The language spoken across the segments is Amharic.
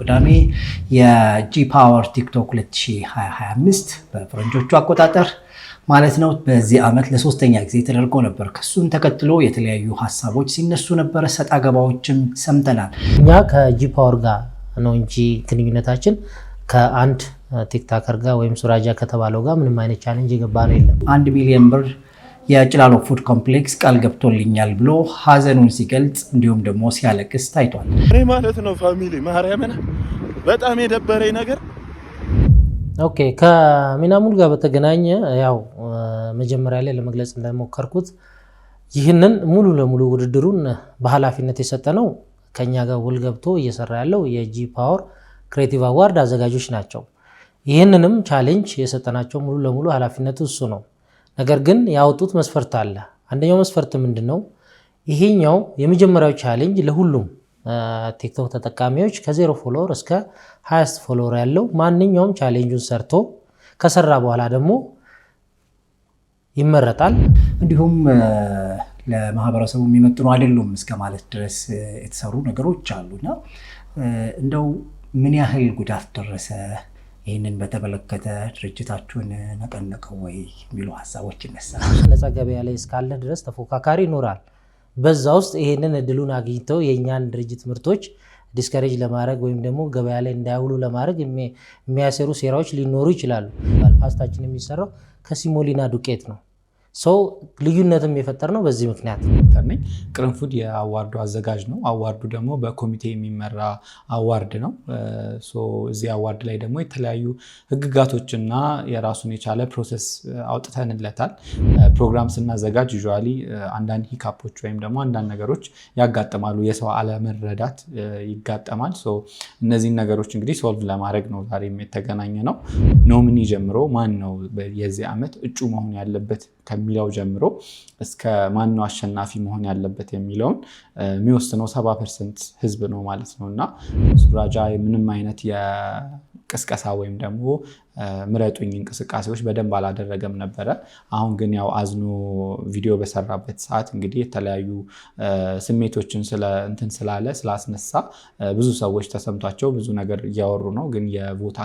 ቅዳሜ የጂ ፓወር ቲክቶክ 2025 በፈረንጆቹ አቆጣጠር ማለት ነው። በዚህ ዓመት ለሶስተኛ ጊዜ ተደርጎ ነበር። ከሱን ተከትሎ የተለያዩ ሀሳቦች ሲነሱ ነበረ። ሰጣ ገባዎችም ሰምተናል። እኛ ከጂ ፓወር ጋር ነው እንጂ ግንኙነታችን ከአንድ ቲክታከር ጋር ወይም ሱራጃ ከተባለው ጋር ምንም አይነት ቻለንጅ የገባ ነው የለም። አንድ ሚሊዮን ብር የጭላሎ ፉድ ኮምፕሌክስ ቃል ገብቶልኛል ብሎ ሀዘኑን ሲገልጽ እንዲሁም ደግሞ ሲያለቅስ ታይቷል። እኔ ማለት ነው ፋሚሊ ማርያምን በጣም የደበረኝ ነገር ኦኬ ከሚናሙል ጋር በተገናኘ ያው መጀመሪያ ላይ ለመግለጽ እንደሞከርኩት ይህንን ሙሉ ለሙሉ ውድድሩን በኃላፊነት የሰጠ ነው ከኛ ጋር ውል ገብቶ እየሰራ ያለው የጂ ፓወር ክሬቲቭ አዋርድ አዘጋጆች ናቸው። ይህንንም ቻሌንጅ የሰጠናቸው ሙሉ ለሙሉ ኃላፊነቱ እሱ ነው። ነገር ግን ያወጡት መስፈርት አለ። አንደኛው መስፈርት ምንድን ነው? ይሄኛው የመጀመሪያው ቻሌንጅ ለሁሉም ቲክቶክ ተጠቃሚዎች ከዜሮ ፎሎወር እስከ ሀያስት ፎሎወር ያለው ማንኛውም ቻሌንጁን ሰርቶ ከሰራ በኋላ ደግሞ ይመረጣል። እንዲሁም ለማህበረሰቡ የሚመጥኑ አይደሉም እስከ ማለት ድረስ የተሰሩ ነገሮች አሉና እንደው ምን ያህል ጉዳት ደረሰ ይህንን በተመለከተ ድርጅታችሁን ነቀነቀው ወይ የሚሉ ሀሳቦች ይነሳል። ነጻ ገበያ ላይ እስካለ ድረስ ተፎካካሪ ይኖራል። በዛ ውስጥ ይህንን እድሉን አግኝተው የእኛን ድርጅት ምርቶች ዲስከሬጅ ለማድረግ ወይም ደግሞ ገበያ ላይ እንዳይውሉ ለማድረግ የሚያሰሩ ሴራዎች ሊኖሩ ይችላሉ። ፓስታችን የሚሰራው ከሲሞሊና ዱቄት ነው። ሰው ልዩነትም የፈጠር ነው። በዚህ ምክንያት ነኝ። ቅርንፉድ የአዋርዱ አዘጋጅ ነው። አዋርዱ ደግሞ በኮሚቴ የሚመራ አዋርድ ነው። እዚህ አዋርድ ላይ ደግሞ የተለያዩ ህግጋቶችና የራሱን የቻለ ፕሮሰስ አውጥተንለታል። ፕሮግራም ስናዘጋጅ ዩዥዋሊ አንዳንድ ሂካፖች ወይም ደግሞ አንዳንድ ነገሮች ያጋጥማሉ። የሰው አለመረዳት ይጋጠማል። እነዚህን ነገሮች እንግዲህ ሶልቭ ለማድረግ ነው ዛሬም የተገናኘ ነው። ኖሚኒ ጀምሮ ማን ነው የዚህ ዓመት እጩ መሆን ያለበት ከሚ ከሚለው ጀምሮ እስከ ማነው አሸናፊ መሆን ያለበት የሚለውን የሚወስነው ሰባ ፐርሰንት ህዝብ ነው ማለት ነው እና ሱራጃ ምንም አይነት የቅስቀሳ ወይም ደግሞ ምረጡኝ እንቅስቃሴዎች በደንብ አላደረገም ነበረ። አሁን ግን ያው አዝኖ ቪዲዮ በሰራበት ሰዓት እንግዲህ የተለያዩ ስሜቶችን እንትን ስላለ ስላስነሳ ብዙ ሰዎች ተሰምቷቸው ብዙ ነገር እያወሩ ነው። ግን የቮት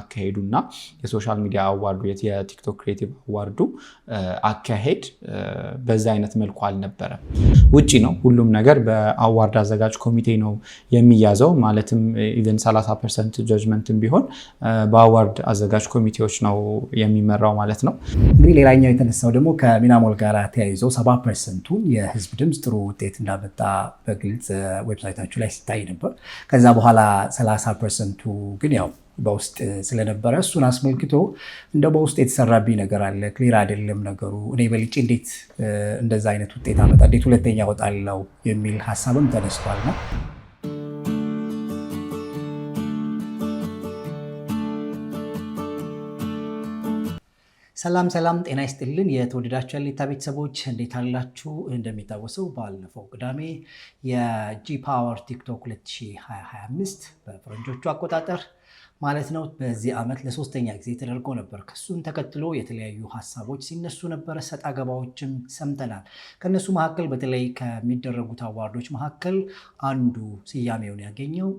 እና የሶሻል ሚዲያ አዋርዱ የቲክቶክ ክሬቲቭ አዋርዱ አካሄድ በዛ አይነት መልኩ አልነበረም። ውጪ ነው ሁሉም ነገር በአዋርድ አዘጋጅ ኮሚቴ ነው የሚያዘው። ማለትም ኢቨን 30 ፐርሰንት ጀጅመንትም ቢሆን በአዋርድ አዘጋጅ ኮሚቴ ዩኒቨርሲቲዎች ነው የሚመራው ማለት ነው። እንግዲህ ሌላኛው የተነሳው ደግሞ ከሚናሞል ጋር ተያይዞ ሰባ ፐርሰንቱን የህዝብ ድምፅ ጥሩ ውጤት እንዳመጣ በግልጽ ዌብሳይታችሁ ላይ ሲታይ ነበር። ከዛ በኋላ 30 ፐርሰንቱ ግን ያው በውስጥ ስለነበረ እሱን አስመልክቶ እንደ በውስጥ የተሰራብኝ ነገር አለ፣ ክሊር አይደለም ነገሩ፣ እኔ በልጬ እንዴት እንደዛ አይነት ውጤት አመጣ፣ እንዴት ሁለተኛ ወጣለው የሚል ሀሳብም ተነስቷል ነው ሰላም ሰላም፣ ጤና ይስጥልን የተወደዳችሁ ያሌታ ቤተሰቦች እንዴት አላችሁ? እንደሚታወሰው ባለፈው ቅዳሜ የጂ ፓወር ቲክቶክ 2025 በፈረንጆቹ አቆጣጠር ማለት ነው በዚህ ዓመት ለሶስተኛ ጊዜ ተደርጎ ነበር። ከሱን ተከትሎ የተለያዩ ሀሳቦች ሲነሱ ነበረ። ሰጣ ገባዎችም ሰምተናል። ከነሱ መካከል በተለይ ከሚደረጉት አዋርዶች መካከል አንዱ ስያሜውን ያገኘው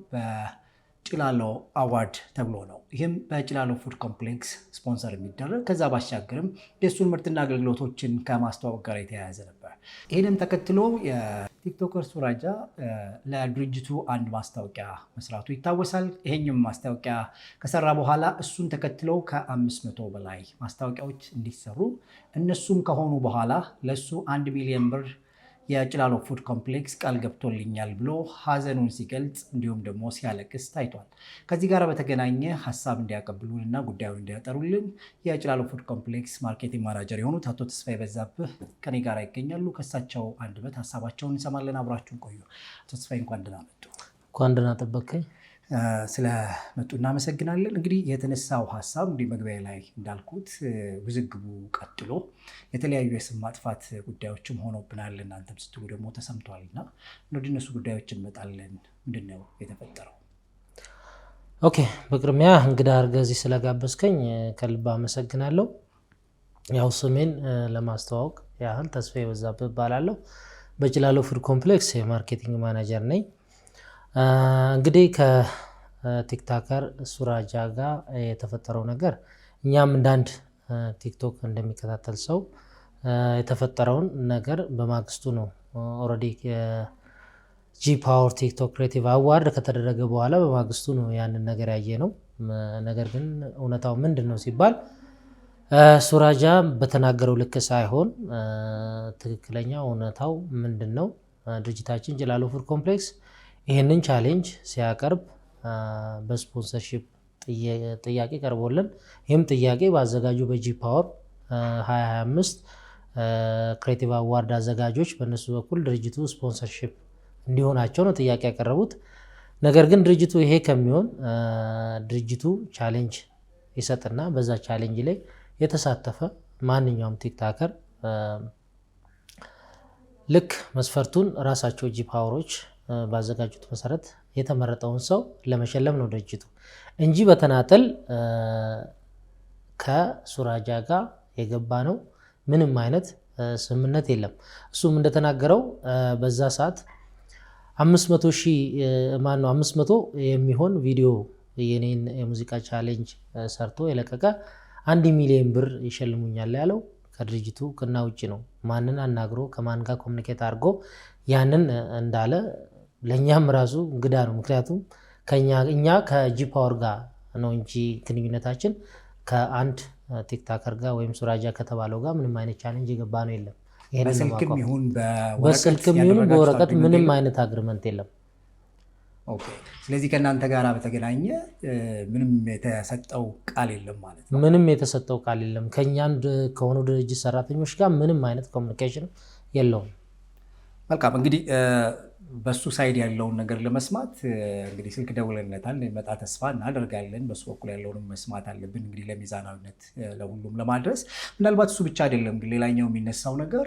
ጭላሎ አዋርድ ተብሎ ነው። ይህም በጭላሎ ፉድ ኮምፕሌክስ ስፖንሰር የሚደረግ ከዛ ባሻገርም የእሱን ምርትና አገልግሎቶችን ከማስተዋወቅ ጋር የተያያዘ ነበር። ይህንም ተከትሎ የቲክቶከር ሱራጃ ለድርጅቱ አንድ ማስታወቂያ መስራቱ ይታወሳል። ይሄኛውም ማስታወቂያ ከሰራ በኋላ እሱን ተከትሎ ከአምስት መቶ በላይ ማስታወቂያዎች እንዲሰሩ እነሱም ከሆኑ በኋላ ለእሱ አንድ ሚሊዮን ብር የጭላሎ ፉድ ኮምፕሌክስ ቃል ገብቶልኛል ብሎ ሀዘኑን ሲገልጽ እንዲሁም ደግሞ ሲያለቅስ ታይቷል። ከዚህ ጋር በተገናኘ ሀሳብ እንዲያቀብሉን እና ጉዳዩን እንዲያጠሩልን የጭላሎ ፉድ ኮምፕሌክስ ማርኬቲንግ ማናጀር የሆኑት አቶ ተስፋ የበዛብህ ከኔ ጋር ይገኛሉ። ከሳቸው አንደበት ሀሳባቸውን እንሰማለን። አብራችሁን ቆዩ። አቶ ተስፋ እንኳን ደህና መጡ። እንኳን ደህና ጠበቅከኝ። ስለመጡ እናመሰግናለን። እንግዲህ የተነሳው ሀሳብ እንግዲህ መግቢያ ላይ እንዳልኩት ውዝግቡ ቀጥሎ የተለያዩ የስም ማጥፋት ጉዳዮችም ሆኖብናል። እናንተም ስትሉ ደግሞ ተሰምቷል እና ወደ እነሱ ጉዳዮች እንመጣለን። ምንድን ነው የተፈጠረው? ኦኬ፣ በቅድሚያ እንግዳ አድርገህ እዚህ ስለጋበዝከኝ ከልብ አመሰግናለሁ። ያው ስሜን ለማስተዋወቅ ያህል ተስፋዬ በዛብህ እባላለሁ። በጭላሎ ፉድ ኮምፕሌክስ የማርኬቲንግ ማናጀር ነኝ። እንግዲህ ከቲክታከር ሱራጃ ጋር የተፈጠረው ነገር እኛም እንዳንድ ቲክቶክ እንደሚከታተል ሰው የተፈጠረውን ነገር በማግስቱ ነው ኦልሬዲ ጂ ፓወር ቲክቶክ ክሬቲቭ አዋርድ ከተደረገ በኋላ በማግስቱ ነው ያንን ነገር ያየ ነው። ነገር ግን እውነታው ምንድን ነው ሲባል ሱራጃ በተናገረው ልክ ሳይሆን ትክክለኛ እውነታው ምንድን ነው ድርጅታችን ጀላሎ ፉድ ኮምፕሌክስ ይህንን ቻሌንጅ ሲያቀርብ በስፖንሰርሺፕ ጥያቄ ቀርቦልን ይህም ጥያቄ በአዘጋጁ በጂ ፓወር 2025 ክሬቲቭ አዋርድ አዘጋጆች በእነሱ በኩል ድርጅቱ ስፖንሰርሺፕ እንዲሆናቸው ነው ጥያቄ ያቀረቡት። ነገር ግን ድርጅቱ ይሄ ከሚሆን ድርጅቱ ቻሌንጅ ይሰጥና በዛ ቻሌንጅ ላይ የተሳተፈ ማንኛውም ቲክታከር ልክ መስፈርቱን ራሳቸው ጂ ፓወሮች ባዘጋጁት መሰረት የተመረጠውን ሰው ለመሸለም ነው ድርጅቱ እንጂ በተናጠል ከሱራጃ ጋር የገባ ነው ምንም አይነት ስምምነት የለም። እሱም እንደተናገረው በዛ ሰዓት አምስት መቶ ሺህ ማነው አምስት መቶ የሚሆን ቪዲዮ የኔን የሙዚቃ ቻሌንጅ ሰርቶ የለቀቀ አንድ ሚሊዮን ብር ይሸልሙኛል ያለው ከድርጅቱ ቅና ውጭ ነው። ማንን አናግሮ ከማን ጋር ኮሚኒኬት አድርጎ ያንን እንዳለ ለእኛም ራሱ እንግዳ ነው። ምክንያቱም እኛ ከጂ ፓወር ጋር ነው እንጂ ግንኙነታችን ከአንድ ቲክታከር ጋር ወይም ሱራጃ ከተባለው ጋር ምንም አይነት ቻለንጅ የገባ ነው የለም። በስልክም ይሁን በወረቀት ምንም አይነት አግሪመንት የለም። ስለዚህ ከእናንተ ጋር በተገናኘ ምንም የተሰጠው ቃል የለም ማለት ነው። ምንም የተሰጠው ቃል የለም። ከእኛ ከሆኑ ድርጅት ሰራተኞች ጋር ምንም አይነት ኮሚኒኬሽን የለውም። መልካም እንግዲህ በሱ ሳይድ ያለውን ነገር ለመስማት እንግዲህ ስልክ ደውለነታል። መጣ ተስፋ እናደርጋለን። በሱ በኩል ያለውንም መስማት አለብን እንግዲህ ለሚዛናዊነት ለሁሉም ለማድረስ ምናልባት እሱ ብቻ አይደለም። ሌላኛው የሚነሳው ነገር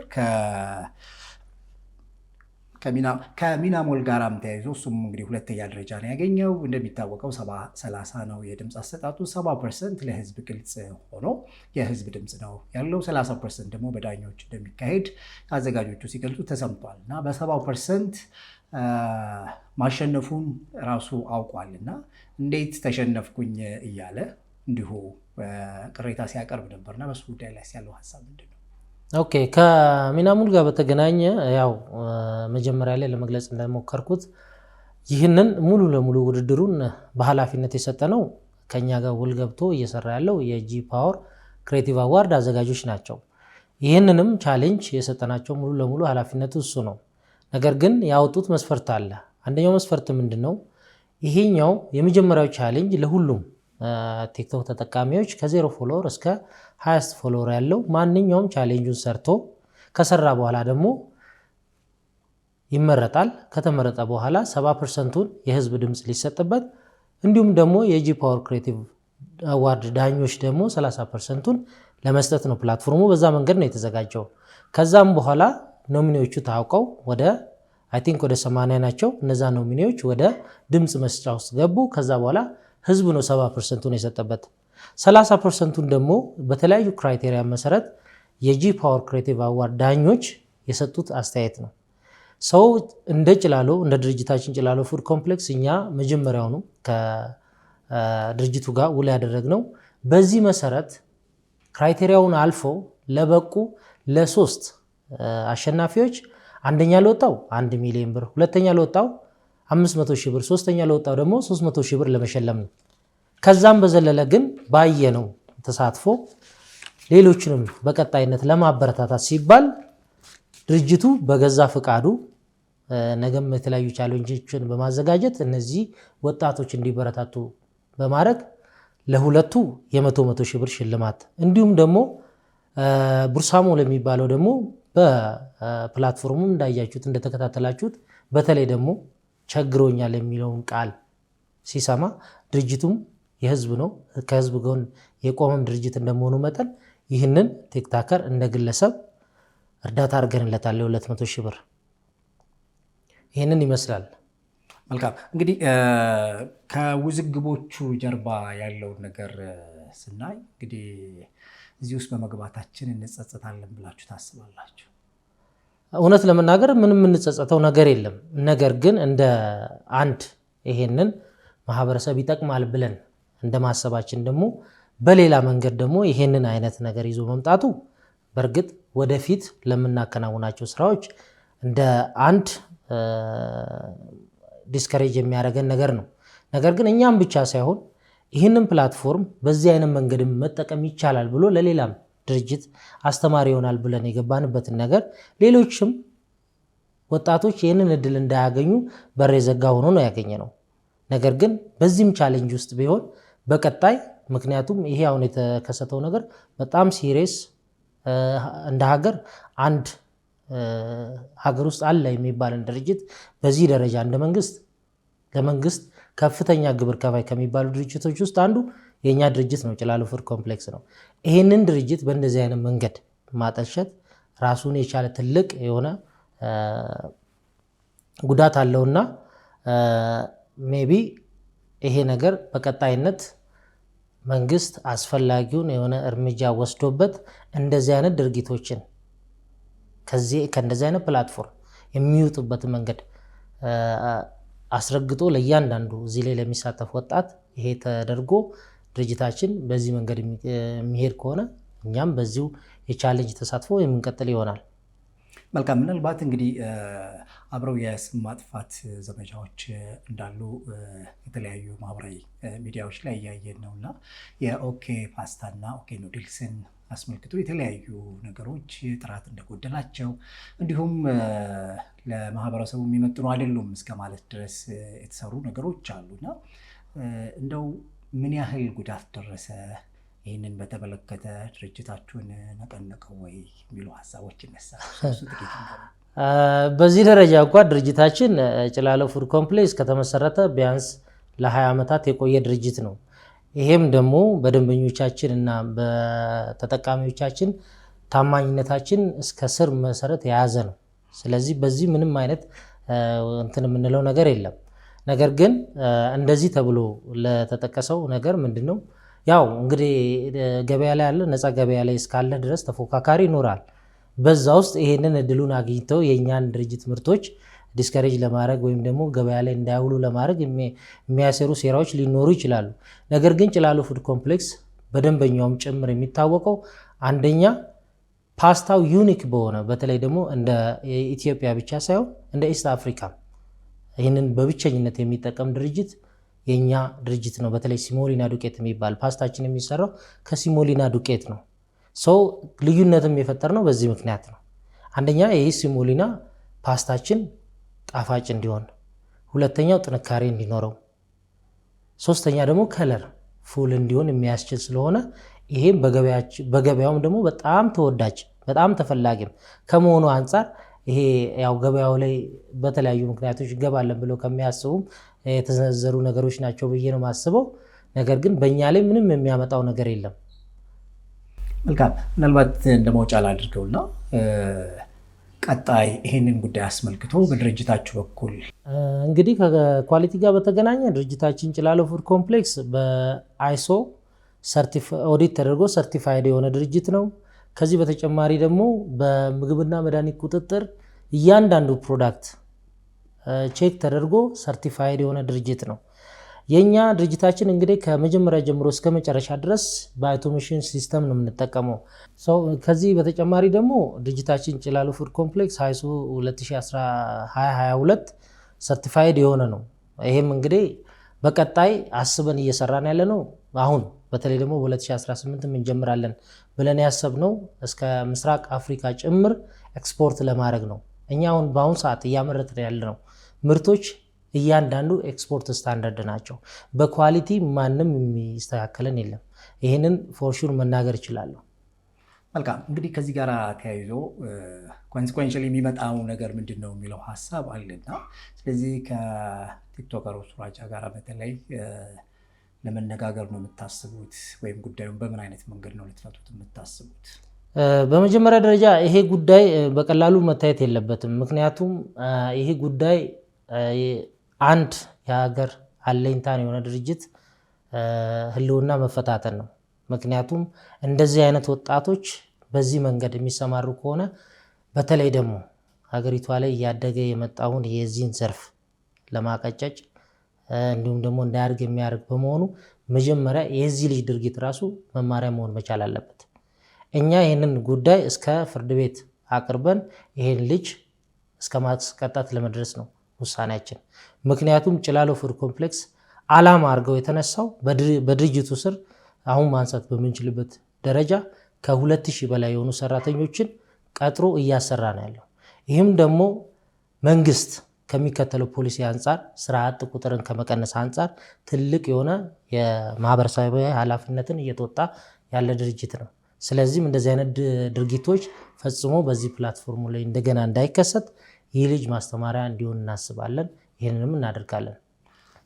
ከሚናሞል ጋራም ተያይዞ እሱም እንግዲህ ሁለተኛ ደረጃ ነው ያገኘው። እንደሚታወቀው ሰባ ሰላሳ ነው የድምፅ አሰጣጡ። ሰባ ፐርሰንት ለህዝብ ግልጽ ሆኖ የህዝብ ድምፅ ነው ያለው። ሰላሳ ፐርሰንት ደግሞ በዳኞች እንደሚካሄድ አዘጋጆቹ ሲገልጹ ተሰምቷል እና በሰባ ፐርሰንት ማሸነፉን ራሱ አውቋል እና እንዴት ተሸነፍኩኝ እያለ እንዲሁ ቅሬታ ሲያቀርብ ነበርና በሱ ጉዳይ ላይ ያለው ሀሳብ ምንድን ነው? ኦኬ ከሚናሙል ጋር በተገናኘ ያው መጀመሪያ ላይ ለመግለጽ እንደሞከርኩት ይህንን ሙሉ ለሙሉ ውድድሩን በኃላፊነት የሰጠ ነው ከኛ ጋር ውል ገብቶ እየሰራ ያለው የጂ ፓወር ክሬቲቭ አዋርድ አዘጋጆች ናቸው። ይህንንም ቻሌንጅ የሰጠናቸው ሙሉ ለሙሉ ኃላፊነቱ እሱ ነው። ነገር ግን ያወጡት መስፈርት አለ። አንደኛው መስፈርት ምንድን ነው? ይሄኛው የመጀመሪያው ቻሌንጅ ለሁሉም ቲክቶክ ተጠቃሚዎች ከዜሮ ፎሎወር እስከ 20 ፎሎወር ያለው ማንኛውም ቻሌንጁን ሰርቶ ከሰራ በኋላ ደግሞ ይመረጣል። ከተመረጠ በኋላ 70 ፐርሰንቱን የህዝብ ድምፅ ሊሰጥበት እንዲሁም ደግሞ የጂ ፓወር ክሬቲቭ አዋርድ ዳኞች ደግሞ 30 ፐርሰንቱን ለመስጠት ነው ፕላትፎርሙ። በዛ መንገድ ነው የተዘጋጀው። ከዛም በኋላ ኖሚኒዎቹ ታውቀው ወደ አይ ቲንክ ወደ 80 ናቸው። እነዛ ኖሚኒዎች ወደ ድምፅ መስጫ ውስጥ ገቡ። ከዛ በኋላ ህዝብ ነው 70 ፐርሰንቱን የሰጠበት። 30 ፐርሰንቱን ደግሞ በተለያዩ ክራይቴሪያ መሰረት የጂ ፓወር ክሬቲቭ አዋርድ ዳኞች የሰጡት አስተያየት ነው። ሰው እንደ ጭላሎ እንደ ድርጅታችን ጭላሎ ፉድ ኮምፕሌክስ እኛ መጀመሪያውኑ ከድርጅቱ ጋር ውል ያደረግነው በዚህ መሰረት ክራይቴሪያውን አልፎ ለበቁ ለሶስት አሸናፊዎች አንደኛ ለወጣው አንድ ሚሊዮን ብር፣ ሁለተኛ ለወጣው 500 ሺህ ብር፣ ሶስተኛ ለወጣው ደግሞ 300 ሺህ ብር ለመሸለም ነው። ከዛም በዘለለ ግን ባየነው ተሳትፎ ሌሎችንም በቀጣይነት ለማበረታታት ሲባል ድርጅቱ በገዛ ፍቃዱ ነገም የተለያዩ ቻሌንጆችን በማዘጋጀት እነዚህ ወጣቶች እንዲበረታቱ በማድረግ ለሁለቱ የመቶ መቶ ሺህ ብር ሽልማት እንዲሁም ደግሞ ቡርሳሞ ለሚባለው ደግሞ በፕላትፎርሙ እንዳያችሁት እንደተከታተላችሁት በተለይ ደግሞ ቸግሮኛል የሚለውን ቃል ሲሰማ ድርጅቱም የህዝብ ነው፣ ከህዝብ ጎን የቆመም ድርጅት እንደመሆኑ መጠን ይህንን ቲክታከር እንደ ግለሰብ እርዳታ አድርገንለታል ሁ መቶ ሺህ ብር ይህንን ይመስላል። መልካም እንግዲህ ከውዝግቦቹ ጀርባ ያለውን ነገር ስናይ እንግዲህ እዚህ ውስጥ በመግባታችን እንጸጸታለን ብላችሁ ታስባላችሁ? እውነት ለመናገር ምንም የምንጸጸተው ነገር የለም። ነገር ግን እንደ አንድ ይሄንን ማህበረሰብ ይጠቅማል ብለን እንደ ማሰባችን ደግሞ በሌላ መንገድ ደግሞ ይሄንን አይነት ነገር ይዞ መምጣቱ በእርግጥ ወደፊት ለምናከናውናቸው ስራዎች እንደ አንድ ዲስከሬጅ የሚያደርገን ነገር ነው። ነገር ግን እኛም ብቻ ሳይሆን ይህንን ፕላትፎርም በዚህ አይነት መንገድ መጠቀም ይቻላል ብሎ ለሌላም ድርጅት አስተማሪ ይሆናል ብለን የገባንበትን ነገር ሌሎችም ወጣቶች ይህንን እድል እንዳያገኙ በር የዘጋ ሆኖ ነው ያገኘ ነው። ነገር ግን በዚህም ቻሌንጅ ውስጥ ቢሆን በቀጣይ ምክንያቱም ይሄ አሁን የተከሰተው ነገር በጣም ሲሪየስ እንደ ሀገር አንድ ሀገር ውስጥ አለ የሚባልን ድርጅት በዚህ ደረጃ እንደ መንግስት ለመንግስት ከፍተኛ ግብር ከፋይ ከሚባሉ ድርጅቶች ውስጥ አንዱ የእኛ ድርጅት ነው፣ ጭላሎ ፉድ ኮምፕሌክስ ነው። ይህንን ድርጅት በእንደዚህ አይነት መንገድ ማጠልሸት ራሱን የቻለ ትልቅ የሆነ ጉዳት አለውና ሜቢ ይሄ ነገር በቀጣይነት መንግስት አስፈላጊውን የሆነ እርምጃ ወስዶበት እንደዚህ አይነት ድርጊቶችን ከእንደዚህ አይነት ፕላትፎርም የሚወጡበት መንገድ አስረግጦ ለእያንዳንዱ እዚህ ላይ ለሚሳተፍ ወጣት ይሄ ተደርጎ ድርጅታችን በዚህ መንገድ የሚሄድ ከሆነ እኛም በዚሁ የቻሌንጅ ተሳትፎ የምንቀጥል ይሆናል። መልካም። ምናልባት እንግዲህ አብረው የስም ማጥፋት ዘመቻዎች እንዳሉ የተለያዩ ማህበራዊ ሚዲያዎች ላይ እያየን ነው እና የኦኬ ፓስታና ኦኬ ኑድልስን አስመልክቶ የተለያዩ ነገሮች ጥራት እንደጎደላቸው እንዲሁም ለማህበረሰቡ የሚመጥኑ አይደሉም እስከ ማለት ድረስ የተሰሩ ነገሮች አሉና እንደው ምን ያህል ጉዳት ደረሰ፣ ይህንን በተመለከተ ድርጅታችሁን ነቀነቀው ወይ የሚሉ ሀሳቦች ይነሳል። በዚህ ደረጃ እንኳ ድርጅታችን ጭላለ ፉድ ኮምፕሌክስ ከተመሰረተ ቢያንስ ለ20 ዓመታት የቆየ ድርጅት ነው። ይሄም ደግሞ በደንበኞቻችን እና በተጠቃሚዎቻችን ታማኝነታችን እስከ ስር መሰረት የያዘ ነው። ስለዚህ በዚህ ምንም አይነት እንትን የምንለው ነገር የለም። ነገር ግን እንደዚህ ተብሎ ለተጠቀሰው ነገር ምንድን ነው ያው እንግዲህ ገበያ ላይ ያለ ነፃ ገበያ ላይ እስካለ ድረስ ተፎካካሪ ይኖራል። በዛ ውስጥ ይሄንን እድሉን አግኝተው የእኛን ድርጅት ምርቶች ዲስከሬጅ ለማድረግ ወይም ደግሞ ገበያ ላይ እንዳይውሉ ለማድረግ የሚያሰሩ ሴራዎች ሊኖሩ ይችላሉ። ነገር ግን ጭላሎ ፉድ ኮምፕሌክስ በደንበኛውም ጭምር የሚታወቀው አንደኛ ፓስታው ዩኒክ በሆነ በተለይ ደግሞ እንደ ኢትዮጵያ ብቻ ሳይሆን እንደ ኢስት አፍሪካ ይህንን በብቸኝነት የሚጠቀም ድርጅት የእኛ ድርጅት ነው። በተለይ ሲሞሊና ዱቄት የሚባል ፓስታችን የሚሰራው ከሲሞሊና ዱቄት ነው። ሰው ልዩነትም ነው በዚህ ምክንያት ነው። አንደኛ ይህ ሲሞሊና ፓስታችን ጣፋጭ እንዲሆን፣ ሁለተኛው ጥንካሬ እንዲኖረው፣ ሶስተኛ ደግሞ ከለር ፉል እንዲሆን የሚያስችል ስለሆነ ይሄም በገበያውም ደግሞ በጣም ተወዳጅ በጣም ተፈላጊም ከመሆኑ አንጻር ይሄ ያው ገበያው ላይ በተለያዩ ምክንያቶች ይገባለን ብለው ከሚያስቡም የተዘነዘሩ ነገሮች ናቸው ብዬ ነው የማስበው። ነገር ግን በእኛ ላይ ምንም የሚያመጣው ነገር የለም። መልካም። ምናልባት እንደ መውጫ ላድርገውና ቀጣይ ይህንን ጉዳይ አስመልክቶ በድርጅታችሁ በኩል እንግዲህ ከኳሊቲ ጋር በተገናኘ ድርጅታችን ጭላሎ ፉድ ኮምፕሌክስ በአይሶ ኦዲት ተደርጎ ሰርቲፋይድ የሆነ ድርጅት ነው። ከዚህ በተጨማሪ ደግሞ በምግብና መድኃኒት ቁጥጥር እያንዳንዱ ፕሮዳክት ቼክ ተደርጎ ሰርቲፋይድ የሆነ ድርጅት ነው። የእኛ ድርጅታችን እንግዲህ ከመጀመሪያ ጀምሮ እስከ መጨረሻ ድረስ በአውቶሜሽን ሲስተም ነው የምንጠቀመው። ከዚህ በተጨማሪ ደግሞ ድርጅታችን ጭላሉ ፉድ ኮምፕሌክስ ሀይሱ 2022 ሰርቲፋይድ የሆነ ነው። ይህም እንግዲህ በቀጣይ አስበን እየሰራን ያለ ነው። አሁን በተለይ ደግሞ በ2018 እንጀምራለን። ብለን ያሰብነው እስከ ምስራቅ አፍሪካ ጭምር ኤክስፖርት ለማድረግ ነው። እኛ አሁን በአሁኑ ሰዓት እያመረትን ያለነው ምርቶች እያንዳንዱ ኤክስፖርት ስታንዳርድ ናቸው። በኳሊቲ ማንም የሚስተካከለን የለም። ይህንን ፎርሹን መናገር እችላለሁ። መልካም እንግዲህ ከዚህ ጋር ተያይዞ ኮንስኮንሽል የሚመጣው ነገር ምንድን ነው የሚለው ሀሳብ አለና ስለዚህ ከቲክቶከሮች ሱራጃ ጋር በተለይ ለመነጋገር ነው የምታስቡት ወይም ጉዳዩን በምን አይነት መንገድ ነው ልትፈቱት የምታስቡት? በመጀመሪያ ደረጃ ይሄ ጉዳይ በቀላሉ መታየት የለበትም። ምክንያቱም ይሄ ጉዳይ አንድ የሀገር አለኝታን የሆነ ድርጅት ህልውና መፈታተን ነው። ምክንያቱም እንደዚህ አይነት ወጣቶች በዚህ መንገድ የሚሰማሩ ከሆነ በተለይ ደግሞ ሀገሪቷ ላይ እያደገ የመጣውን የዚህን ዘርፍ ለማቀጨጭ እንዲሁም ደግሞ እንዳያድግ የሚያደርግ በመሆኑ መጀመሪያ የዚህ ልጅ ድርጊት ራሱ መማሪያ መሆን መቻል አለበት። እኛ ይህንን ጉዳይ እስከ ፍርድ ቤት አቅርበን ይህን ልጅ እስከ ማስቀጣት ለመድረስ ነው ውሳኔያችን። ምክንያቱም ጭላሎ ፉድ ኮምፕሌክስ አላማ አድርገው የተነሳው በድርጅቱ ስር አሁን ማንሳት በምንችልበት ደረጃ ከሁለት ሺህ በላይ የሆኑ ሰራተኞችን ቀጥሮ እያሰራ ነው ያለው። ይህም ደግሞ መንግስት ከሚከተለው ፖሊሲ አንጻር ስራ አጥ ቁጥርን ከመቀነስ አንጻር ትልቅ የሆነ የማህበረሰባዊ ኃላፊነትን እየተወጣ ያለ ድርጅት ነው። ስለዚህም እንደዚህ አይነት ድርጊቶች ፈጽሞ በዚህ ፕላትፎርሙ ላይ እንደገና እንዳይከሰት ይህ ልጅ ማስተማሪያ እንዲሆን እናስባለን። ይህንንም እናደርጋለን።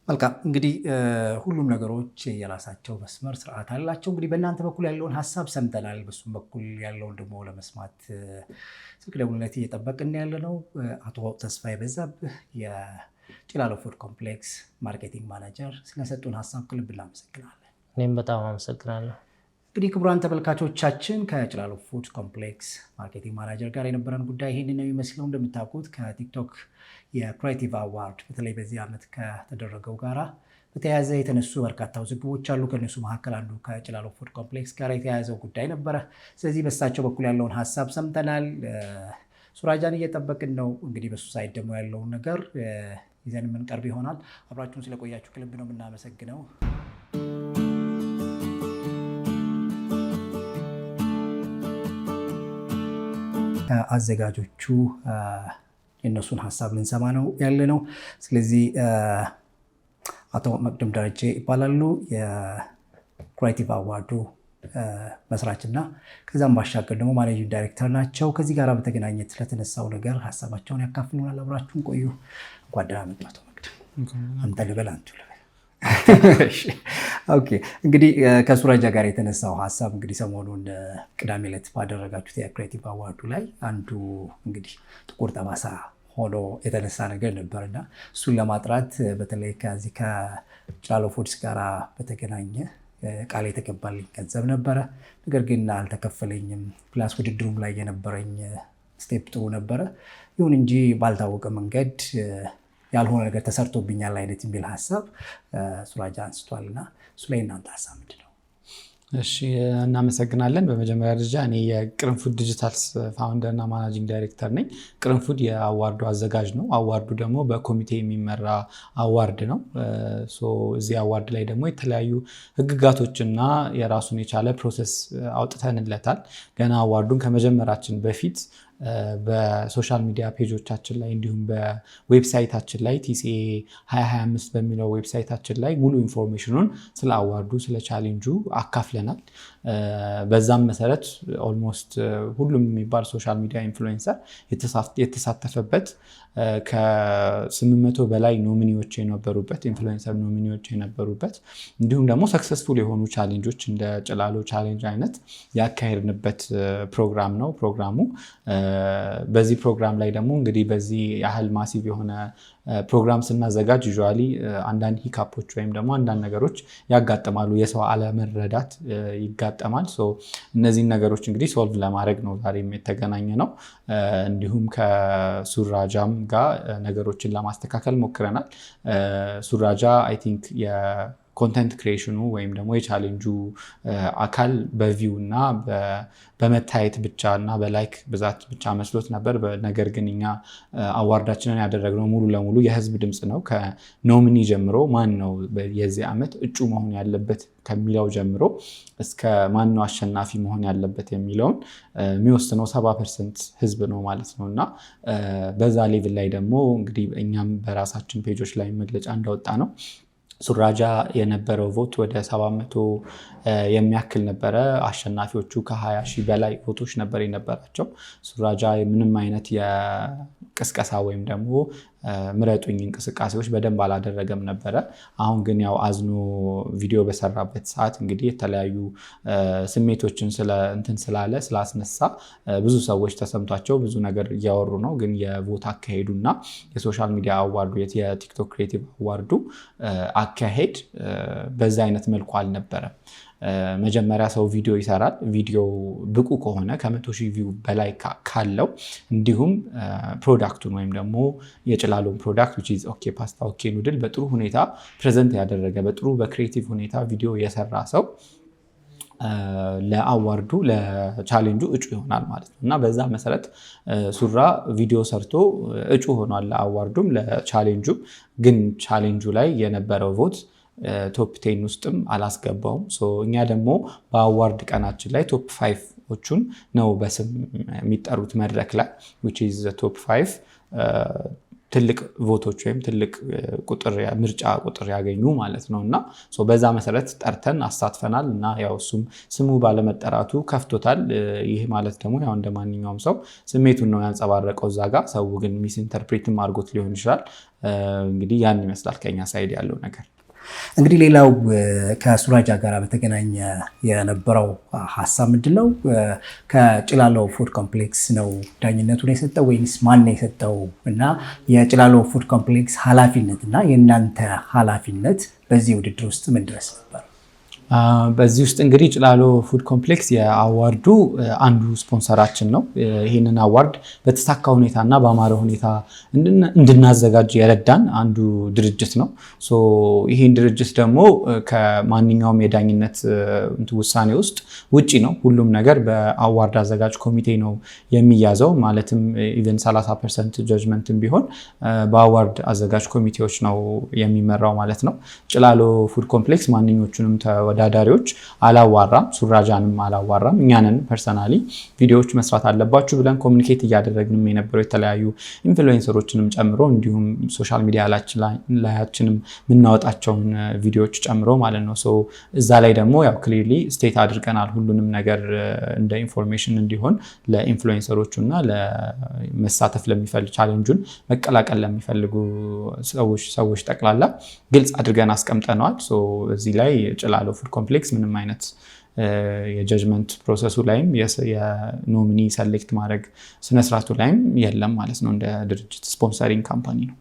መልካም እንግዲህ ሁሉም ነገሮች የራሳቸው መስመር ስርዓት አላቸው። እንግዲህ በእናንተ በኩል ያለውን ሀሳብ ሰምተናል። በሱም በኩል ያለውን ደግሞ ለመስማት ስልክ ደውልነት እየጠበቅን ያለ ነው። አቶ ተስፋ የበዛብ የጭላሎ ፉድ ኮምፕሌክስ ማርኬቲንግ ማናጀር ስለሰጡን ሀሳብ ክልብ እናመሰግናለን። እኔም በጣም አመሰግናለሁ። እንግዲህ ክቡራን ተመልካቾቻችን ከጭላሎ ፉድ ኮምፕሌክስ ማርኬቲንግ ማናጀር ጋር የነበረን ጉዳይ ይህን ነው የሚመስለው። እንደምታውቁት ከቲክቶክ የክሬቲቭ አዋርድ በተለይ በዚህ ዓመት ከተደረገው ጋራ በተያያዘ የተነሱ በርካታ ውዝግቦች አሉ። ከእነሱ መካከል አንዱ ከጭላሎ ፉድ ኮምፕሌክስ ጋር የተያያዘው ጉዳይ ነበረ። ስለዚህ በሳቸው በኩል ያለውን ሀሳብ ሰምተናል። ሱራጃን እየጠበቅን ነው። እንግዲህ በሱ ሳይድ ደግሞ ያለውን ነገር ይዘን የምንቀርብ ይሆናል። አብራችሁን ስለቆያችሁ ክልብ ነው የምናመሰግነው። አዘጋጆቹ የእነሱን ሀሳብ ልንሰማ ነው ያለ ነው። ስለዚህ አቶ መቅደም ደረጀ ይባላሉ የክሬቲቭ አዋርዱ መስራችና ከዛም ባሻገር ደግሞ ማኔጂንግ ዳይሬክተር ናቸው። ከዚህ ጋር በተገናኘ ስለተነሳው ነገር ሀሳባቸውን ያካፍሉናል። አብራችሁን ቆዩ። ጓዳ መጡ። አቶ መቅደም አንተ ልበል አንቱ ልበል ኦኬ እንግዲህ ከሱራጃ ጋር የተነሳው ሀሳብ እንግዲህ ሰሞኑን ቅዳሜ ዕለት ባደረጋችሁት የክሬቲቭ አዋርዱ ላይ አንዱ እንግዲህ ጥቁር ጠባሳ ሆኖ የተነሳ ነገር ነበር እና እሱን ለማጥራት በተለይ ከዚህ ከጫሎ ፉድስ ጋር በተገናኘ ቃል የተገባልኝ ገንዘብ ነበረ፣ ነገር ግን አልተከፈለኝም። ፕላስ ውድድሩም ላይ የነበረኝ ስቴፕ ጥሩ ነበረ። ይሁን እንጂ ባልታወቀ መንገድ ያልሆነ ነገር ተሰርቶብኛል አይነት የሚል ሀሳብ ሱራጃ አንስቷል እና እሱ ላይ እናንተ ሀሳብ ምንድን ነው? እሺ እናመሰግናለን። በመጀመሪያ ደረጃ እኔ የቅርንፉድ ዲጂታል ፋውንደር እና ማናጂንግ ዳይሬክተር ነኝ። ቅርንፉድ የአዋርዱ አዘጋጅ ነው። አዋርዱ ደግሞ በኮሚቴ የሚመራ አዋርድ ነው። እዚህ አዋርድ ላይ ደግሞ የተለያዩ ህግጋቶችና የራሱን የቻለ ፕሮሰስ አውጥተንለታል። ገና አዋርዱን ከመጀመራችን በፊት በሶሻል ሚዲያ ፔጆቻችን ላይ እንዲሁም በዌብሳይታችን ላይ ቲሲኤ 225 በሚለው ዌብሳይታችን ላይ ሙሉ ኢንፎርሜሽኑን ስለ አዋርዱ ስለ ቻሌንጁ አካፍለናል። በዛም መሰረት ኦልሞስት ሁሉም የሚባል ሶሻል ሚዲያ ኢንፍሉዌንሰር የተሳተፈበት ከ800 በላይ ኖሚኒዎች የነበሩበት ኢንፍሉዌንሰር ኖሚኒዎች የነበሩበት እንዲሁም ደግሞ ሰክሰስፉል የሆኑ ቻሌንጆች እንደ ጭላሎ ቻሌንጅ አይነት ያካሄድንበት ፕሮግራም ነው ፕሮግራሙ። በዚህ ፕሮግራም ላይ ደግሞ እንግዲህ በዚህ ያህል ማሲቭ የሆነ ፕሮግራም ስናዘጋጅ ዩ አንዳንድ ሂካፖች ወይም ደግሞ አንዳንድ ነገሮች ያጋጥማሉ። የሰው አለመረዳት ይጋጠማል። እነዚህን ነገሮች እንግዲህ ሶልቭ ለማድረግ ነው ዛሬም የተገናኘ ነው። እንዲሁም ከሱራጃም ጋር ነገሮችን ለማስተካከል ሞክረናል። ሱራጃ አይ ቲንክ ኮንተንት ክሬሽኑ ወይም ደግሞ የቻሌንጁ አካል በቪው እና በመታየት ብቻ እና በላይክ ብዛት ብቻ መስሎት ነበር። ነገር ግን እኛ አዋርዳችንን ያደረግነው ሙሉ ለሙሉ የህዝብ ድምፅ ነው። ከኖሚኒ ጀምሮ ማን ነው የዚህ ዓመት እጩ መሆን ያለበት ከሚለው ጀምሮ እስከ ማን ነው አሸናፊ መሆን ያለበት የሚለውን የሚወስነው ሰባ ፐርሰንት ህዝብ ነው ማለት ነው እና በዛ ሌቭል ላይ ደግሞ እንግዲህ እኛም በራሳችን ፔጆች ላይ መግለጫ እንዳወጣ ነው ሱራጃ የነበረው ቮት ወደ 700 የሚያክል ነበረ። አሸናፊዎቹ ከ20 ሺህ በላይ ቮቶች ነበር የነበራቸው። ሱራጃ ምንም አይነት የቅስቀሳ ወይም ደግሞ ምረጡኝ እንቅስቃሴዎች በደንብ አላደረገም ነበረ። አሁን ግን ያው አዝኖ ቪዲዮ በሰራበት ሰዓት እንግዲህ የተለያዩ ስሜቶችን እንትን ስላለ ስላስነሳ ብዙ ሰዎች ተሰምቷቸው ብዙ ነገር እያወሩ ነው። ግን የቮት እና የሶሻል ሚዲያ አዋርዱ የቲክቶክ ክሬቲቭ አዋርዱ አካሄድ በዛ አይነት መልኩ አልነበረም። መጀመሪያ ሰው ቪዲዮ ይሰራል። ቪዲዮ ብቁ ከሆነ ከመቶ ሺህ ቪው በላይ ካለው እንዲሁም ፕሮዳክቱን ወይም ደግሞ የጭላሎን ፕሮዳክት ኦኬ ፓስታ ኦኬ ኑድል በጥሩ ሁኔታ ፕሬዘንት ያደረገ በጥሩ በክሪኤቲቭ ሁኔታ ቪዲዮ የሰራ ሰው ለአዋርዱ ለቻሌንጁ እጩ ይሆናል ማለት ነው እና በዛ መሰረት ሱራ ቪዲዮ ሰርቶ እጩ ሆኗል ለአዋርዱም ለቻሌንጁም። ግን ቻሌንጁ ላይ የነበረው ቮት ቶፕ ቴን ውስጥም አላስገባውም። እኛ ደግሞ በአዋርድ ቀናችን ላይ ቶፕ ፋይቮቹን ነው በስም የሚጠሩት መድረክ ላይ ዊች ቶፕ ፋይቭ ትልቅ ቮቶች ወይም ትልቅ ምርጫ ቁጥር ያገኙ ማለት ነው። እና በዛ መሰረት ጠርተን አሳትፈናል። እና ያው እሱም ስሙ ባለመጠራቱ ከፍቶታል። ይህ ማለት ደግሞ ያው እንደ ማንኛውም ሰው ስሜቱን ነው ያንጸባረቀው እዛ ጋር። ሰው ግን ሚስ ኢንተርፕሬትም አድርጎት ሊሆን ይችላል። እንግዲህ ያን ይመስላል ከኛ ሳይድ ያለው ነገር። እንግዲህ ሌላው ከሱራጃ ጋር በተገናኘ የነበረው ሀሳብ ምንድን ነው? ከጭላሎ ፉድ ኮምፕሌክስ ነው ዳኝነቱን የሰጠው ወይስ ማን የሰጠው? እና የጭላሎ ፉድ ኮምፕሌክስ ኃላፊነት እና የእናንተ ኃላፊነት በዚህ ውድድር ውስጥ ምን ድረስ ነበር? በዚህ ውስጥ እንግዲህ ጭላሎ ፉድ ኮምፕሌክስ የአዋርዱ አንዱ ስፖንሰራችን ነው። ይህንን አዋርድ በተሳካ ሁኔታ እና በአማረ ሁኔታ እንድናዘጋጅ የረዳን አንዱ ድርጅት ነው። ይህን ድርጅት ደግሞ ከማንኛውም የዳኝነት ውሳኔ ውስጥ ውጪ ነው። ሁሉም ነገር በአዋርድ አዘጋጅ ኮሚቴ ነው የሚያዘው። ማለትም ኢቨን 30 ፐርሰንት ጀጅመንትም ቢሆን በአዋርድ አዘጋጅ ኮሚቴዎች ነው የሚመራው ማለት ነው። ጭላሎ ፉድ ኮምፕሌክስ ማንኞቹንም ተወዳዳሪዎች አላዋራም፣ ሱራጃንም አላዋራም። እኛንን ፐርሰናሊ ቪዲዮዎች መስራት አለባችሁ ብለን ኮሚኒኬት እያደረግንም የነበረው የተለያዩ ኢንፍሉዌንሰሮችንም ጨምሮ እንዲሁም ሶሻል ሚዲያ ላያችንም የምናወጣቸውን uh, ቪዲዮዎች ጨምሮ ማለት ነው። እዛ ላይ ደግሞ ያው ክሊርሊ ስቴት አድርገናል ሁሉንም ነገር uh, እንደ ኢንፎርሜሽን እንዲሆን ለኢንፍሉዌንሰሮቹ እና ለመሳተፍ ለሚፈልግ ቻሌንጁን መቀላቀል ለሚፈልጉ ሰዎች ጠቅላላ ግልጽ አድርገን አስቀምጠነዋል። እዚህ ላይ ጭላለው ኮምፕሌክስ ምንም አይነት የጀጅመንት ፕሮሰሱ ላይም የኖሚኒ ሰሌክት ማድረግ ስነስርዓቱ ላይም የለም ማለት ነው። እንደ ድርጅት ስፖንሰሪንግ ካምፓኒ ነው።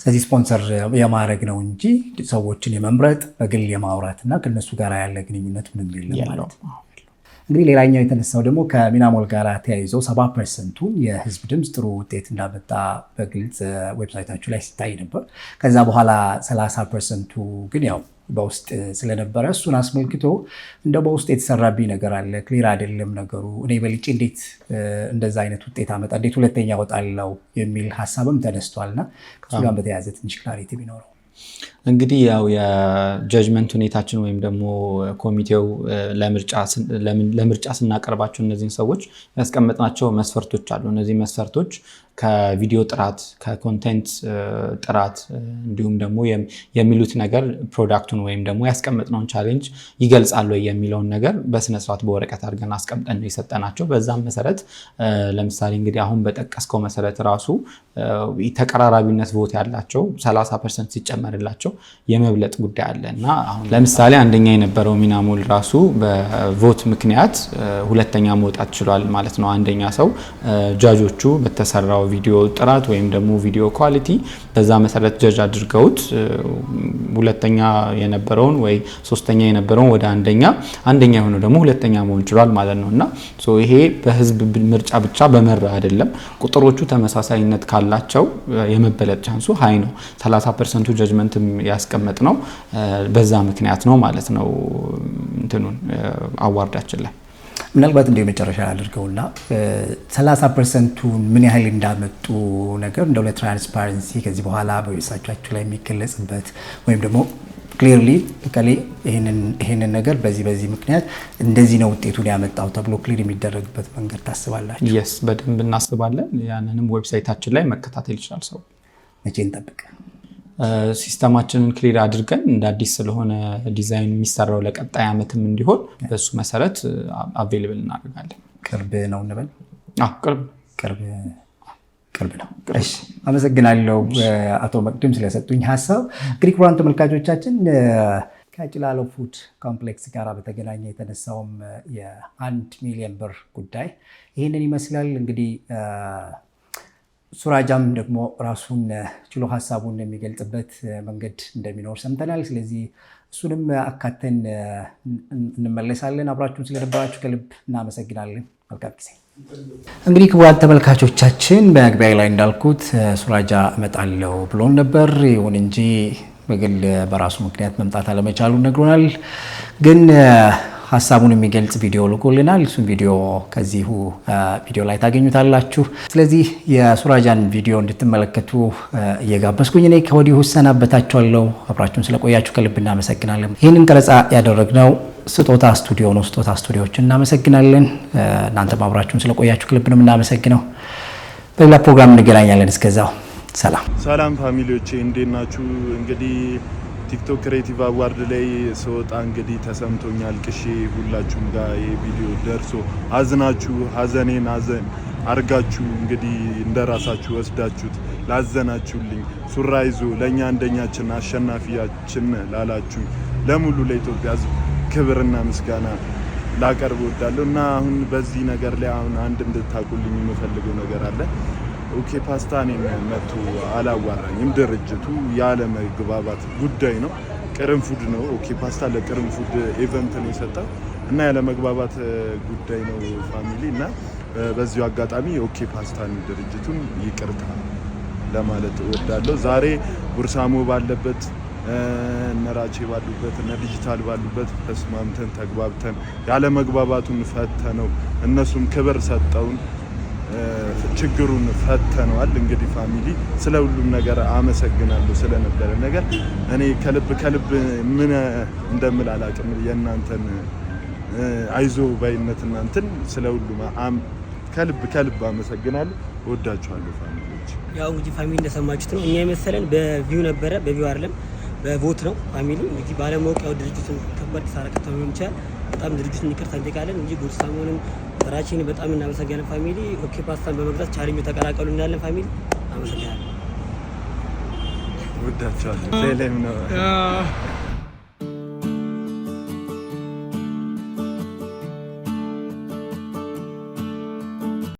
ስለዚህ ስፖንሰር የማድረግ ነው እንጂ ሰዎችን የመምረጥ በግል የማውራት እና ከነሱ ጋር ያለ ግንኙነት ምንም የለም ማለት እንግዲህ ሌላኛው የተነሳው ደግሞ ከሚናሞል ጋር ተያይዘው ሰባ ፐርሰንቱ የህዝብ ድምፅ ጥሩ ውጤት እንዳመጣ በግልጽ ዌብሳይታችሁ ላይ ሲታይ ነበር። ከዛ በኋላ ሰላሳ ፐርሰንቱ ግን ያው በውስጥ ስለነበረ እሱን አስመልክቶ እንደ በውስጥ የተሰራብኝ ነገር አለ፣ ክሊር አይደለም ነገሩ፣ እኔ በልጬ እንዴት እንደዛ አይነት ውጤት አመጣ፣ እንዴት ሁለተኛ ወጣለው የሚል ሀሳብም ተነስቷልና ከሱ ጋር በተያያዘ ትንሽ ክላሪቲ ቢኖረው እንግዲህ ያው የጀጅመንት ሁኔታችን ወይም ደግሞ ኮሚቴው ለምርጫ ስናቀርባቸው እነዚህን ሰዎች ያስቀመጥናቸው መስፈርቶች አሉ። እነዚህ መስፈርቶች ከቪዲዮ ጥራት፣ ከኮንቴንት ጥራት እንዲሁም ደግሞ የሚሉት ነገር ፕሮዳክቱን ወይም ደግሞ ያስቀመጥነውን ቻሌንጅ ይገልጻሉ የሚለውን ነገር በስነስርዓት በወረቀት አድርገን አስቀምጠን ነው የሰጠናቸው። በዛም መሰረት ለምሳሌ እንግዲህ አሁን በጠቀስከው መሰረት ራሱ ተቀራራቢነት ቦት ያላቸው 30 ፐርሰንት ሲጨመርላቸው የመብለጥ ጉዳይ አለ እና ለምሳሌ አንደኛ የነበረው ሚናሞል ራሱ በቮት ምክንያት ሁለተኛ መውጣት ችሏል ማለት ነው። አንደኛ ሰው ጃጆቹ በተሰራው ቪዲዮ ጥራት ወይም ደግሞ ቪዲዮ ኳሊቲ በዛ መሰረት ጀጅ አድርገውት ሁለተኛ የነበረውን ወይ ሶስተኛ የነበረውን ወደ አንደኛ፣ አንደኛ የሆነው ደግሞ ሁለተኛ መሆን ችሏል ማለት ነው እና ይሄ በህዝብ ምርጫ ብቻ በመራ አይደለም። ቁጥሮቹ ተመሳሳይነት ካላቸው የመበለጥ ቻንሱ ሀይ ነው። 30 ፐርሰንቱ ጀጅመንት ያስቀመጥ ነው። በዛ ምክንያት ነው ማለት ነው እንትኑን አዋርዳችን ላይ ምናልባት እንደ መጨረሻ አድርገውና 30 ፐርሰንቱን ምን ያህል እንዳመጡ ነገር እንደው ለትራንስፓረንሲ ከዚህ በኋላ በዌብሳይታችሁ ላይ የሚገለጽበት ወይም ደግሞ ክሊርሊ እከሌ ይህንን ነገር በዚህ በዚህ ምክንያት እንደዚህ ነው ውጤቱን ያመጣው ተብሎ ክሊር የሚደረግበት መንገድ ታስባላችሁ? የስ በደንብ እናስባለን። ያንንም ዌብሳይታችን ላይ መከታተል ይችላል ሰው። መቼ እንጠብቅ? ሲስተማችንን ክሊር አድርገን እንደ አዲስ ስለሆነ ዲዛይን የሚሰራው ለቀጣይ ዓመትም እንዲሆን በእሱ መሰረት አቬልብል እናደርጋለን። ቅርብ ነው እንበል። ቅርብ ነው። አመሰግናለው አቶ መቅድም ስለሰጡኝ ሀሳብ። እንግዲህ ክቡራን ተመልካቾቻችን ከጭላሎ ፉድ ኮምፕሌክስ ጋር በተገናኘ የተነሳውም የአንድ ሚሊዮን ብር ጉዳይ ይህንን ይመስላል እንግዲህ ሱራጃም ደግሞ ራሱን ችሎ ሀሳቡን የሚገልጽበት መንገድ እንደሚኖር ሰምተናል። ስለዚህ እሱንም አካተን እንመለሳለን። አብራችሁን ስለነበራችሁ ከልብ እናመሰግናለን። መልካም ጊዜ። እንግዲህ ክቡራን ተመልካቾቻችን በመግቢያ ላይ እንዳልኩት ሱራጃ እመጣለሁ ብሎን ነበር። ይሁን እንጂ በግል በራሱ ምክንያት መምጣት አለመቻሉ ነግሮናል ግን ሀሳቡን የሚገልጽ ቪዲዮ ልኮልናል። እሱም ቪዲዮ ከዚሁ ቪዲዮ ላይ ታገኙታላችሁ። ስለዚህ የሱራጃን ቪዲዮ እንድትመለከቱ እየጋበዝኩኝ እኔ ከወዲሁ እሰናበታችኋለሁ። አብራችሁን ስለቆያችሁ ከልብ እናመሰግናለን። ይህንን ቀረጻ ያደረግነው ስጦታ ስቱዲዮ ነው። ስጦታ ስቱዲዮዎችን እናመሰግናለን። እናንተም አብራችሁን ስለቆያችሁ ከልብ ነው የምናመሰግነው። በሌላ ፕሮግራም እንገናኛለን። እስከዛው ሰላም ሰላም ፋሚሊዎቼ እንዴት ናችሁ? እንግዲህ ቲክቶክ ክሬቲቭ አዋርድ ላይ ስወጣ እንግዲህ ተሰምቶኛል ቅሼ ሁላችሁም ጋር ይሄ ቪዲዮ ደርሶ አዝናችሁ ሀዘኔን ሀዘን አርጋችሁ እንግዲህ እንደ ራሳችሁ ወስዳችሁት ላዘናችሁልኝ ሱራ ይዞ ለእኛ አንደኛችን አሸናፊያችን ላላችሁ ለሙሉ ለኢትዮጵያ ሕዝብ ክብርና ምስጋና ላቀርብ እወዳለሁ እና አሁን በዚህ ነገር ላይ አሁን አንድ እንድታቁልኝ የምፈልገው ነገር አለ። ኦኬ ፓስታ እኔን መቶ አላዋራኝም። ድርጅቱ ያለመግባባት ጉዳይ ነው። ፉድ ነው። ኦኬ ፓስታ ፉድ ኢቨንት ነው የሰጠው እና መግባባት ጉዳይ ነው ፋሚሊ እና በዚሁ አጋጣሚ ኦኬ ፓስታን ድርጅቱን ይቅርታ ለማለት እወዳለሁ። ዛሬ ቡርሳሞ ባለበት እነራቼ ባሉበት እነ ዲጂታል ባሉበት ተስማምተን ተግባብተን መግባባቱን ፈተነው፣ እነሱም ክብር ሰጠውን። ችግሩን ፈተነዋል። እንግዲህ ፋሚሊ ስለ ሁሉም ነገር አመሰግናለሁ ስለነበረ ነገር እኔ ከልብ ከልብ ምን እንደምል አላቅም። የእናንተን አይዞ ባይነት እናንትን ስለ ሁሉም ከልብ ከልብ አመሰግናለሁ። ወዳችኋለሁ ፋሚሊዎች። ያው እንግዲህ ፋሚሊ እንደሰማችሁት ነው። እኛ የመሰለን በቪው ነበረ፣ በቪው አይደለም በቮት ነው። ፋሚሊ እንግዲህ ባለማወቅ ያው ድርጅቱን ከባድ ኪሳራ ሊሆን ይችላል። በጣም ድርጅቱን ይቅርታ እንጠይቃለን እንጂ ጉድ ሰሞኑን በመቀጠራችን በጣም እናመሰግናለን ፋሚሊ። ኦኬ ፓስታን በመግዛት ቻሪኙ ተቀላቀሉ እናያለን ፋሚሊ። አመሰግናለን። ወዳቸዋለሁ። ሌላም ነው